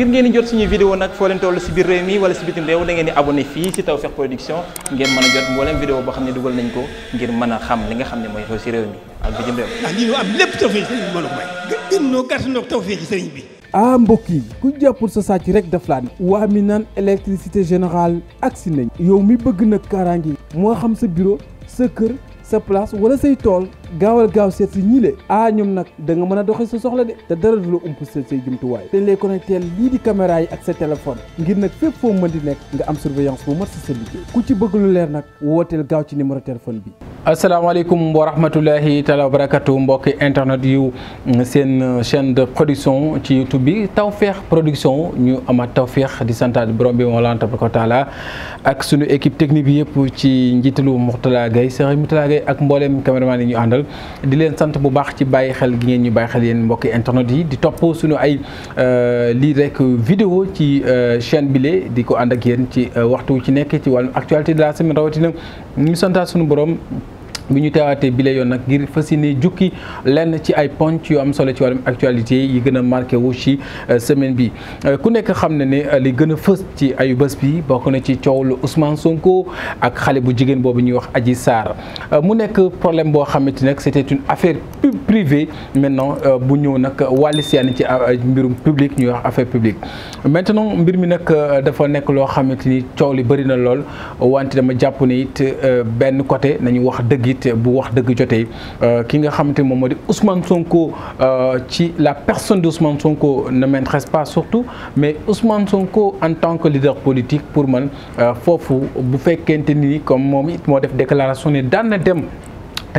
ngir ngeen di jot suñu vidéo nag foo leen toll si biir réew mi wala si bitim réew da ngeen di abonné fii si Tawfekh Production ngeen mën a jot mboolem vidéo boo xam ne dugal nañ ko ngir mën a xam li nga xam ne mooy xew si réew mi ak bitim réew. Ah, ndax am lépp Tawfekh sëriñ sëriñ bi. ah mbokk yi ku jàppul sa sàcc rek daf laa ne. waa mi naan général ak agsi nañ. yow mi bëgg nag kaaraange moo xam sa bureau sa kër sa place wala say tool gaawal gaaw seet si ñii le ah ñoom nag da nga mën a doxee sa soxla de te dara du ump sa say jumtuwaay te ñu lay connecté lii di caméra yi ak sa téléphone ngir nag fépp foo mën di nekk nga am surveillance bu mat si sa liggéey ku ci bëgg lu leer nag wooteel gaaw ci numéro téléphone bi. asalaamaaleykum wa rahmatulahi taala wa barakatu mbokki internet yu seen chaine de production ci youtube bi Tawfekh production ñu amaat Tawfekh di santaat borom bi moo laan tabaraka ak sunu équipe technique bi yëpp ci njiitalu Mourtala Gaye Serigne Mourtala Gaye ak mboolem ñu àndal. àndal di leen sant bu baax ci bàyyi xel gi ngeen ñu bàyyi xel yéen mbokki internet yi di topp suñu ay euh, lii rek vidéo ci euh, chaîne bile di ko ànd ak yéen ci euh, waxtu wu ci nekk ci wàllu actualité de la semaine rawatina ñu santaat suñu borom bi ñu teewaatee bile yoon nag ngir fës yi yéene jukki lenn ci ay ponc yoo am solo ci wàllum actualité yi gën a marqué wu ci euh, semaine bi euh, ku nekk xam na ne euh, li gën a fës ci ay bës bi bokk na ci coow lu Ousmane Sonko ak xale bu jigéen boobu ñuy wax aji Sarr mu nekk problème boo xamante nag c'était une affaire privée maintenant bu ñëw nag wàlli siyaan ci mbirum public ñuy wax affaire publique maintenant mbir mi nag dafa nekk loo xamante ni coow li bëri na lool wante dama jàpp ne it benn côté nañu wax dëgg it it bu wax dëgg jotee euh, ki nga xamante ne moom moo di Ousmane Sonko euh, ci la personne d' Ousmane Sonko ne m' intéresse surtout mais Ousmane Sonko en tant que leader politique pour man euh, foofu bu fekkente ni comme moom it moo def déclaration ne daan na dem.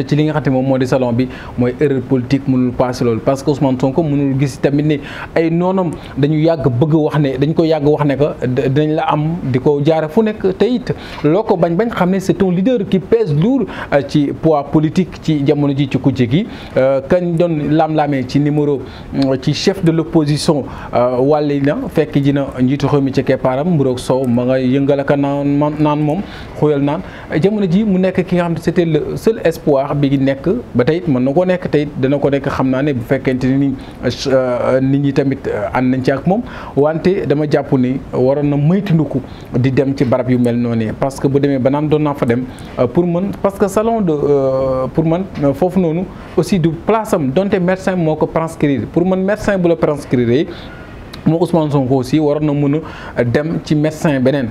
ci li nga xam ne moom moo di salon bi mooy erreur politique mënul passé loolu parce que Ousmane Sonko mënul gis tamit ne ay noonam dañu yàgg bëgg wax ne dañ ko yàgg wax ne que dinañ la am di ko jaare fu nekk te it loo ko bañ bañ xam ne c'est un leader qui pèse lourd euh, ci poids politique ci jamono ji ci kujje gi euh, kañ doon laam-laamee ci numéro euh, ci chef de l'opposition wàlli na fekk dina njiitu xew mi ci keppaaram mburoog soow ma nga yëngal aka naan moom xuyal naan jamono ji mu nekk ki nga xam ne c'était le seul espoir pouvoir bi nekk ba tey mën na ko nekk tey dana ko nekk xam naa ne bu fekkente ni euh, euh, nit ñi tamit euh, ànd nañ ci ak moom wante dama jàpp ni waroon na moytandiku di dem ci barab yu mel noonu parce que bu demee ba doon naa fa dem pour man parce que salon de pour man foofu noonu aussi du place am donte médecin moo ko prescrire pour man médecin bu la prescrire moo Ousmane Sonko aussi waroon na mën a dem ci médecin beneen.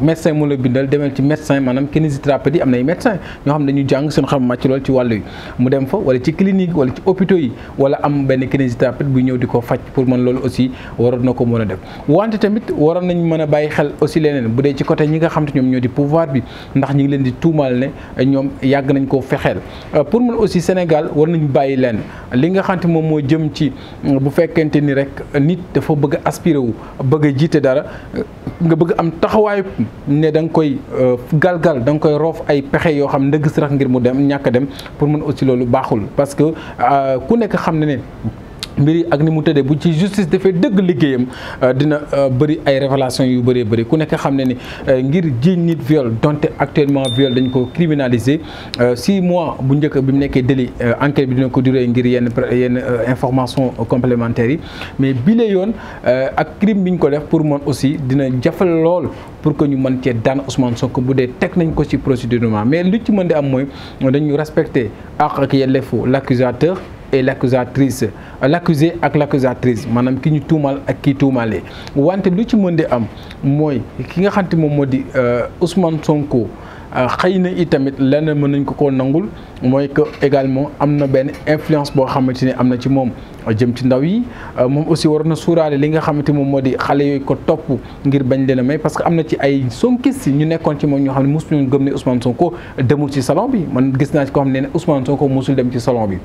médecin mu la bindal demee ci médecin maanaam kinésithérapie am nay médecin ñoo xam ne dañu jàng seen xam màcc lool ci wàllu yi mu dem fa wala ci clinique wala ci hôpitaux yi wala am benn kinésithérapeute bu ñëw di ko faj pour man loolu aussi waroon na ko mën a def wante tamit waroon nañu mën a bàyyi xel aussi leneen bu dee ci côté ñi nga xam te ñoom ñoo di pouvoir bi ndax ñi ngi leen di tuumaal ne ñoom yàgg nañ koo fexeel euh, pour man aussi Sénégal war nañ bàyyi leen li nga xam te moom moo jëm ci euh, bu fekkente ni rek nit dafa bëgg a wu bëgg a jiite dara euh, nga bëgg am taxawaayu ne da nga koy euh, gal gal danga koy roof ay pexe yoo xam ndëgg sarax ngir mu dem ñàkk a dem pour mën aussi loolu baaxul parce que euh, ku nekk xam ne ne mbir yi ak ni mu tëddee bu ci justice dafay dëgg liggéeyam euh, dina euh, bëri ay révélation yu bëree bëri ku nekk xam ne ni euh, ngir jiiñ nit viole donte actuellement viol dañu ko criminaliser six mois bu njëkk bi mu nekkee délit enquête bi dina ko duré ngir yenn yenn information complémentaires yi mais bi la yoon ak crime bi ñu ko def pour moom aussi dina jafal lool pour que ñu mën cee daan Ousmane Sonko bu dee teg nañ ko ci procédurement mais lu ci mën di am mooy dañu respecter ak ak yelleefu l' et l'accusatrice l'accusé ak l'accusatrice maanaam ki ñu tuumaal ak kii tuumalee wante lu ci mën di am mooy ki nga xam xamte moom moo di euh, Ousmane Sonko euh, xëy na it tamit lenn mën nañ ko koo nangul mooy que également am na benn influence boo xamante ne am na ci moom jëm ci ndaw yi euh, moom aussi waroon na suuraale li nga xamante moom moo di xale yooyu ko topp ngir bañ leen a may parce que am na ci ay sonkis ñu nekkoon ci moom ñoo xam ne mosuñu gëm ne Ousmane Sonko demul ci salon bi man gis naa ko xam ne Ousmane Sonko mosul dem ci salon bi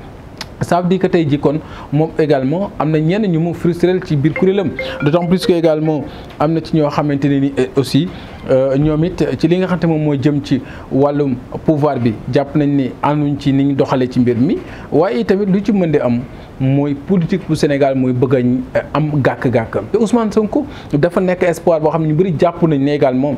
ça veut dire tey jii kon moom également am na ñenn ñu mu frustré ci biir kuréelam d'autant plus que également am na ci ñoo xamante ne ni eh, aussi euh, ñoom it ci li nga xamante moom moo jëm ci wàllum pouvoir bi jàpp nañ ni ànduñ ci ni ñu doxalee ci mbir mi waaye tamit lu ci mën di am mooy politique bu Sénégal mooy bëgg a eh, am gàkk-gàkkam te Ousmane Sonko dafa nekk espoir boo xam ne ñu bëri jàpp nañ ne également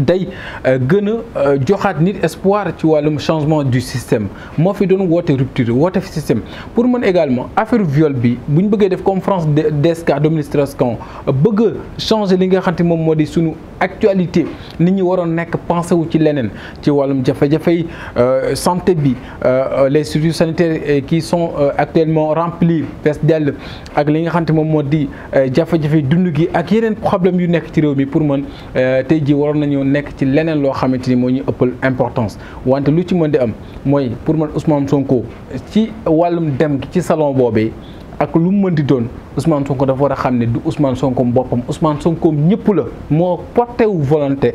day euh, gën a euh, joxaat nit espoir ci wàllum changement du système moo fi doon woote rupture woote fi système pour mën également affaire viole bi bu ñu bëggee def conférence deska d'administration bëgg a changer li nga xam te moom moo di suñu actualité nit ñi waroon nekk pensé wu ci leneen ci wàllum jafe-jafey euh, santé bi les structures sanitaires qui son actuellement remplies fees dell ak li nga xam te moom moo di jafe-jafe dund gi ak yeneen problème yu nekk ci réew mi pour mën tey ji waroon nañu nekk ci leneen loo xamante ni moo ñu ëppal importance wante lu ci mën di am mooy pour man Ousmane Sonko ci wàllum dem ci salon boobee ak lu mu mën di doon Ousmane Sonko dafa war a xam ne du Ousmane Sonko boppam Ousmane Sonko ñëpp la moo porté volonté.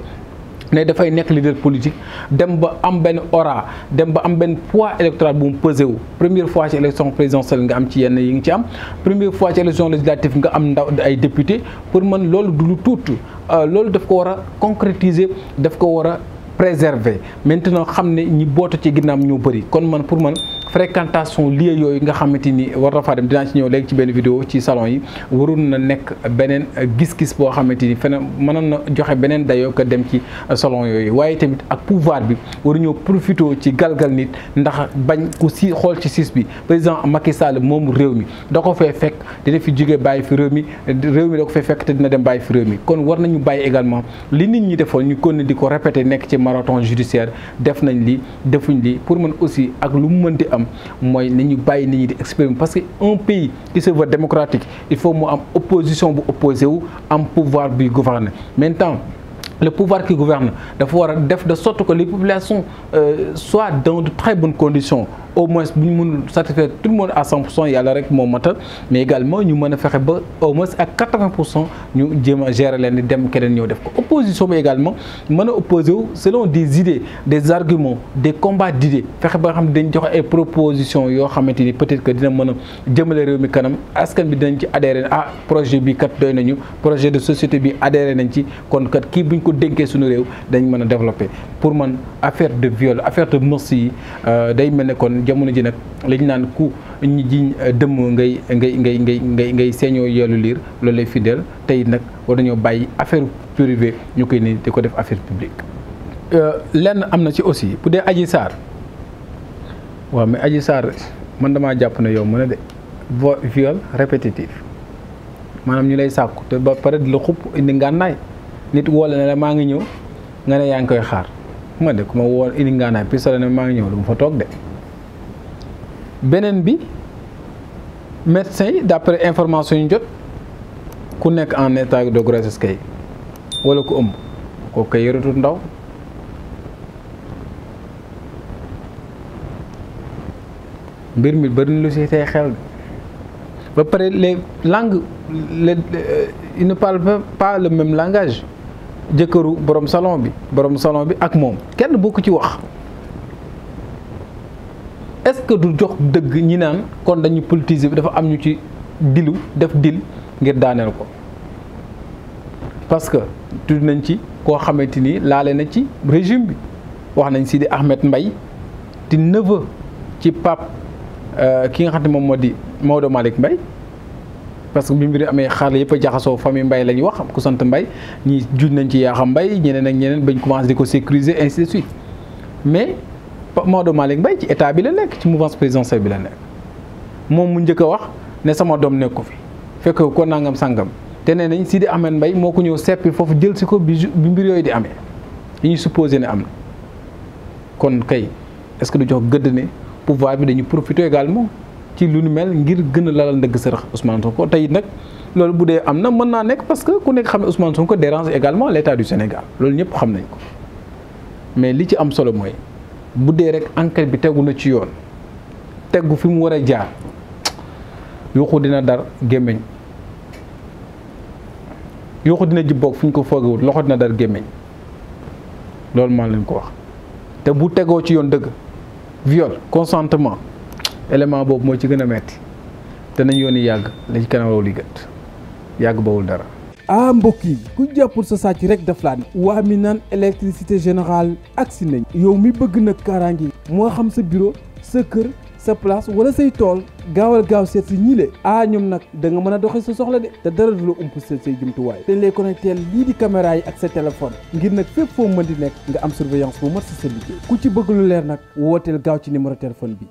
ne dafay nekk leader politique dem ba am benn aura dem ba am benn poids électoral bu mu pesé wu première fois ci élection présidentielle nga am ci yenn yi nga ci am première fois ci élection législative nga am ndaw ay député pour man loolu du lu tuut euh, loolu daf ko war a concrétiser daf ko war a préserver maintenant xam ne ñi booto ci ginnaam ñoo bëri kon man pour man fréquentation lieu yooyu nga xamante ni war na faa dem dinaa ci ñëw léegi ci benn vidéo ci salon yi waroon nekk beneen gis-gis boo xamante ni feneen mënoon na joxe beneen dayoo ko dem ci salon yooyu waaye tamit ak pouvoir bi waru waruñoo profité ci galgal nit ndax bañ ku si xool ci siis bi président Macky Sall moomu réew mi da ko fee fekk dina fi jóge bàyyi fi réew mi réew mi da ko fee fekk te dina dem bàyyi fi réew mi kon war nañu bàyyi également li nit ñi defoon ñu kon ne di ko répété nekk ci marathon judiciaire def nañ li am mooy ni ñu bàyyi nit ñi di parce que un pays qui se veut démocratique il faut mu am opposition bu opposé wu am pouvoir buy gouverner maintenant le pouvoir qui gouverne dafa war a def de sorte que les populations euh, soient dans de très bonnes conditions au moins bu ñu mun satisfaire tout le monde à 100 pour cent yàlla rek moo matal mais également ñu mën a fexe ba au moins ak 80 pour cent ñu jéem a gérer leen ni dem keneen ñëw def ko opposition bi également mën a opposé wu selon des idées des arguments des combats d'idées fexe ba xam ne dañ joxe ay propositions yoo xamante ni peut-être que dina mën jëmale réew mi kanam askan bi dañ ci adhéré ah projet bi kat doy nañu projet de société bi adhéré nañ ci kon kii buñ ko dénkee suñu réew dañ mën a développé pour man affaire de viol affaire de meurtre yi euh, day mel ne kon jamono ji nag lañu naan ku ñu jiñ euh, dëmm ngay ngay ngay ngay ngay ngay seeñoo yeelu liir loolu lay fidèle tey nag war dañoo bàyyi affaire privée ñu koy nii di ko def affaire publique euh, lenn am na ci aussi bu dee aji Sarr waaw mais Adji Sarr man damaa jàpp na yow mën a de viol répétitif maanaam ñu lay sàkku te ba pare di la xupp indi ngànnaay nit woo la maa ngi ñëw nga ne yaa ngi koy xaar ma de ku ma woo indi ngaanaay pistolet ne maa ngi ñëw du fa toog de. beneen bi médecin yi d'après information yu jot ku nekk en état de grossesse kay wala ko ëmb kooku kay ndaw. mbir mi bëri na lu si tey xel ba pare les langues les euh, ils ne même langage jëkkëru borom salon bi borom salon bi ak moom kenn bokk ci wax est-ce que du jox dëgg ñi naan kon dañu politiser bi dafa am ñu ci dilu def dil ngir daaneel ko parce que tudd nañ ci koo xamante ni laale na ci régime bi wax nañ Sidi Ahmed mbay di neveu ci Pape euh, ki nga xam ne moom moo di Maodo Malick mbay parce que bi mbir amee xaarla yëpp a jaxasoo famille Mbaye la ñuy wax ku sant Mbaye ñi juj nañ ci Yakham Mbaye ñeneen ak ñeneen bañ commencé ko sécuriser ainsi de suite mais Maodo Malick Mbaye ci état bi la nekk ci mouvance présidentielle bi la nekk moom mu njëkk a wax ne sama doom nekku fi fekk ko nangam sangam te nee nañ Sidi Ahmed Mbaye moo ko ñëw seppi foofu jël si ko bi bi mbir yooyu di amee li ñu supposé ne am na kon kay est-ce que du jox gëdd ne pouvoir bi dañu profité également ci lu nu mel ngir gën a lalal ndëgg sërëx Ousmane ko tey nag loolu bu dee am na mën naa nekk parce que ku nekk xam ne Ousmane Sonko dérange également l'état du Sénégal loolu ñëpp xam nañ ko mais li ci am solo mooy bu dee rek enquête bi tegu na ci yoon tegu fi mu war a jaar yuuxu dina dar gémmiñ yuuxu dina jibboog fu ñu ko foogewut loxo dina dar gémmiñ loolu maa lañ ko wax te bu tegoo ci yoon dëgg viol consentement élément boobu moo ci gën a metti te nañ yoon yi yàgg la ci kanam raw yàgg bawul dara ah mbokk yi ku jàppul sa sàcc rek daf laa ne waa mi naan électricité générale agsi nañ yow mi bëgg nag kaaraange moo xam sa bureau sa kër sa place wala say tool gaawal gaaw seet si ñi le ah ñoom nag da nga mën a doxee sa soxla de te dara du la ump sa say jumtuwaay dañ lay connecté lii di caméra yi ak sa téléphone ngir nag fépp foo mën di nekk nga am surveillance bu mat si ku ci bëgg lu leer nag wooteel gaaw ci numéro téléphone bi